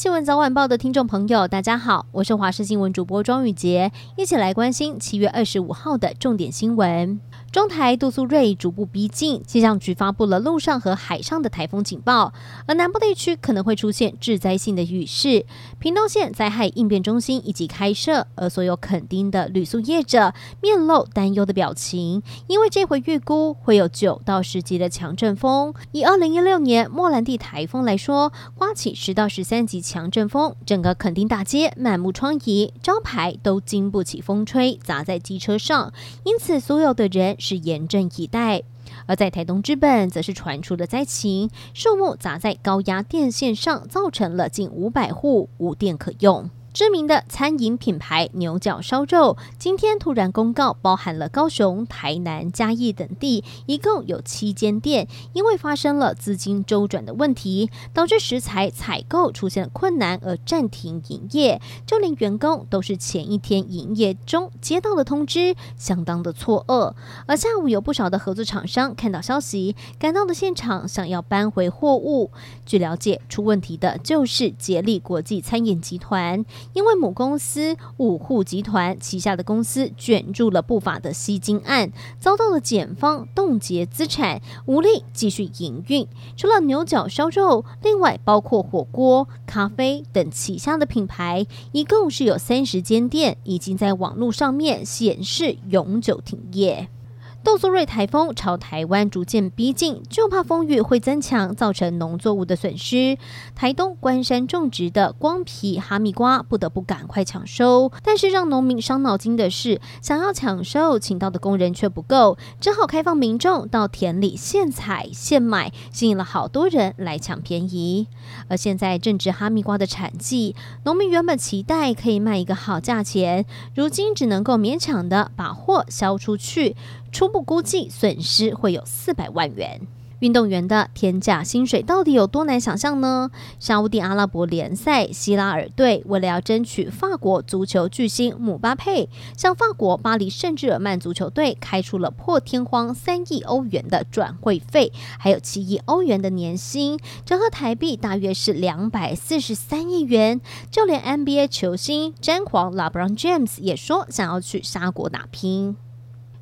新聞早晚報的聽眾朋友，大家好，我是華視新聞主播莊雨潔，一起來關心七月二十五號的重點新聞。中台杜蘇芮逐步逼近，氣象局發布了陸上和海上的颱風警報，而南部地區可能會出現致災性的雨勢。屏東縣災害應變中心已經開設，而所有墾丁的旅宿業者面露擔憂的表情，因為這回預估會有九到十級的強陣風。以二零一六年莫蘭蒂颱風來說，颳起十到十三級強陣風，整個墾丁大街滿目瘡痍，招牌都經不起風吹，砸在機車上。因此，所有的人。是嚴陣以待，而在台東知本，則是傳出了災情，樹木砸在高壓電線上，造成了近五百戶無電可用。知名的餐飲品牌牛角燒肉，今天突然公告，包含了高雄、台南、嘉義等地，一共有七間店，因為發生了資金週轉的問題，導致食材採購出現困難而暫停營業。就連員工都是前一天營業中接到的通知，相當的錯愕。而下午有不少的合作廠商看到消息，趕到了現場想要搬回貨物。據了解，出問題的就是杰力國際餐飲集團。因為母公司五戶集團旗下的公司捲入了不法的吸金案，遭到了檢方凍結資產，無力繼續營運。除了牛角燒肉，另外包括火鍋、咖啡等旗下的品牌，一共是有三十間店，已經在網絡上面顯示永久停業。杜蘇芮颱風朝台灣逐漸逼近，就怕風雨會增強，造成農作物的損失。台東關山種植的光皮哈密瓜不得不趕快搶收，但是讓農民傷腦筋的是，想要搶收，請到的工人卻不夠，只好開放民眾到田裡現採現賣，吸引了好多人來搶便宜。而現在正值哈密瓜的產季，農民原本期待可以賣一個好價錢，如今只能夠勉強的把貨銷出去。出不估計損失會有四百萬元。運動員的天價薪水到底有多難想象呢？沙烏地阿拉伯聯賽希拉爾隊為了要爭取法國足球巨星姆巴佩，向法國巴黎聖日耳曼足球隊開出了破天荒三億歐元的轉會費，還有七億歐元的年薪，折合台幣大約是兩百四十三億元。就連 NBA 球星詹皇 LeBron James 也說想要去沙國打拼。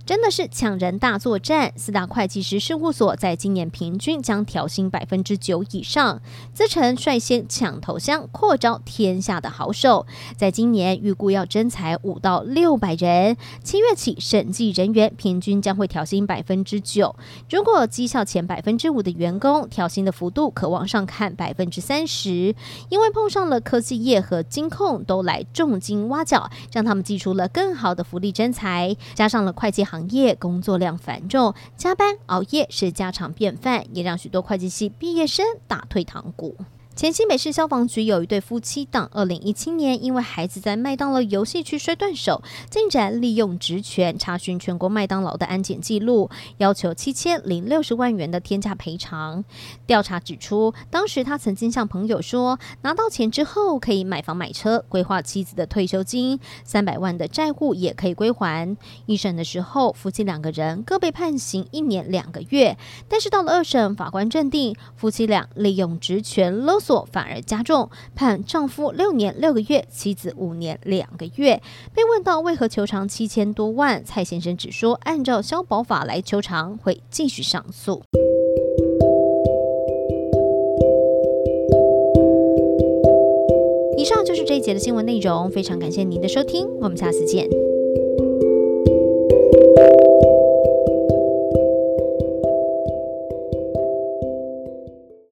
真的是搶人大作戰，四大會計師事務所在今年平均將調薪百分之九以上。資誠率先搶頭香，擴招天下的好手，在今年預估要徵才五到六百人。七月起，審計人員平均將會調薪百分之九，如果績效前百分之五的員工，調薪的幅度可往上看百分之三十。因為碰上了科技業和金控都來重金挖角，讓他們祭出了更好的福利徵才，加上了會計行。行業工作量繁重，加班熬夜是家常便飯，也讓許多會計系畢業生打退堂鼓。前新北市消防局有一對夫妻檔，二零一七年因為孩子在麥當勞遊戲區摔斷手，竟然利用職權查詢全國麥當勞的安檢記錄，要求七千零六十萬元的天價賠償。調查指出，當時他曾經向朋友說，拿到錢之後可以買房買車，規劃妻子的退休金，三百萬的債務也可以歸還。一審的時候，夫妻兩個人各被判刑一年兩個月，但是到了二審，法官認定夫妻倆利用職權勒。反而加重，判丈夫六年六個月，妻子五年兩個月。被問到為何求償七千多萬，蔡先生只說按照消保法來求償，會繼續上訴。以上就是這一節的新聞內容，非常感謝您的收聽，我們下次見。